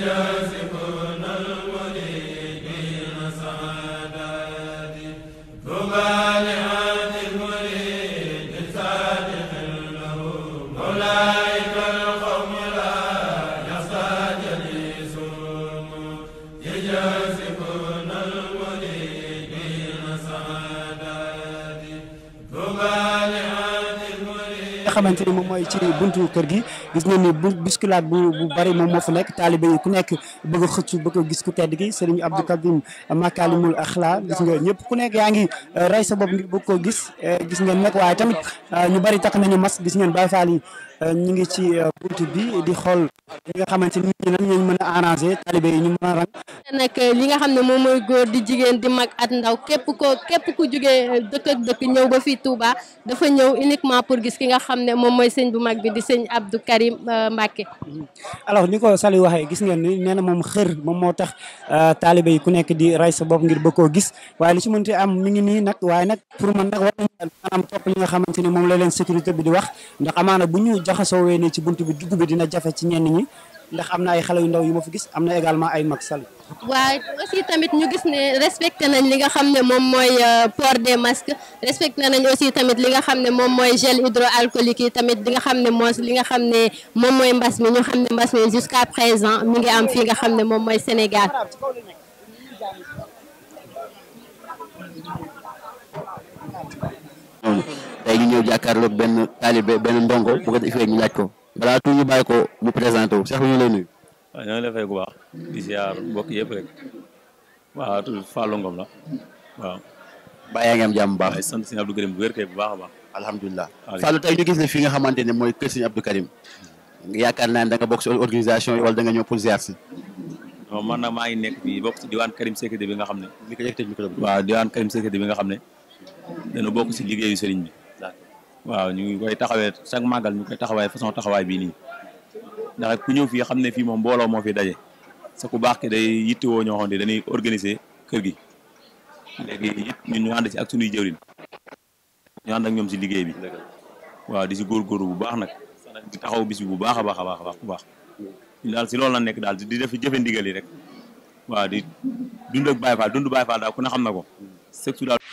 yaa xamante ni moom mooy ci buntu kër gi gis ngeen ni bu bousculade bu bu bari moom moo fa nekk taalibe yi ku nekk bëgg a bëgg a gis ku tedd gi sëriñ Abdou Karim Makalimul Axla gis nga ñëpp ku nekk yaa ngi eh, rey sa bopp ngir bëgg koo gis eh, gis nga nag waaye tamit eh, ñu bari takk nañu mas gis ngeen Baay Faal yi ñu ngi ci buntu bi di xool li nga xamante ni ñi mën a arrangé taalibe yi ñu mën a rang nag eh, li nga xam ne moom mooy góor di jigéen di mag at ndaw képp ko képp ku jugee eh, dëkk ak dëkk ñëw ba fi Touba dafa ñëw uniquement pour gis ki nga xam ne moom mooy sëñ bu mag bi di sëñ Abdou Karim eh, Mbacké mhm. alors ni ko Saliou waxee gis ngeen ni nee na moom xër moom moo tax taalibe yi ku nekk di ray sa bopp ngir bëgg koo gis waaye li ci mënti am mi ngi nii nag waaye nag pour man nag war nañu li nga xamante ni moom la leen sécurité bi di wax ndax amaana bu ñu jaxasoo wee ne ci bunt bi dugg bi dina jafe ci ñenn ñi ndax am na ay xale yu ndaw yu ma fi gis am na également ay mag sal waaye aussi tamit ñu gis ne respecté nañ li nga xam ne moom mooy euh, port des masques respecté nañ aussi tamit li nga xam ne moom mooy gel hydroalcoolique yi tamit li nga xam ne moos li nga xam ne moom mooy mbas mi ñu xam ne mbas mi jusqu'à présent mi ngi am fi nga xam ne moom mooy Sénégal tey ñu benn taalibe benn ndongo ñu laaj ko balaa tout bàyyi ko mu présenté wu Cheikh bi ñu lay nuyu. waaw ñoo ngi lay baax di ziar mbokk yëpp rek waa tudd Fallou Ngom la waaw. bàyyi yaa baax waaye sant sëñ bu wér kay bu baax a baax. alhamdulilah Fallou tey ñu gis ne fi nga xamante ne mooy kër sëñ Abdou Karim yaakaar naa ne da nga bokk si organisation yi wala da nga ñëw pour ziar si. maa ngi nekk bokk si diwaan Karim Sécurité bi nga xam ne. mi ko yëg tëj mi ko bi nga xam ne dana bokk si liggéeyu sëriñ bi waaw ñu ngi koy taxawee chaque màggal ñu koy taxawaay façon taxawaay bii nii ndax ku ñëw fii xam ne fii moom mbooloo moo fi daje sa ku baax ki day yittewoo ñoo xam ne dañuy organiser kër gi léegi it ñu ànd ci ak suñuy jëwriñ ñu ànd ñoom si liggéey bi waaw di si góor bu baax nag di taxaw bis bi bu baax a baax a baax bu baax daal si loolu la nekk daal di def jëfe ndigal yi rek waaw di dund ak Baye Fall dund Baye Fall daal ku ne xam na ko sëg daal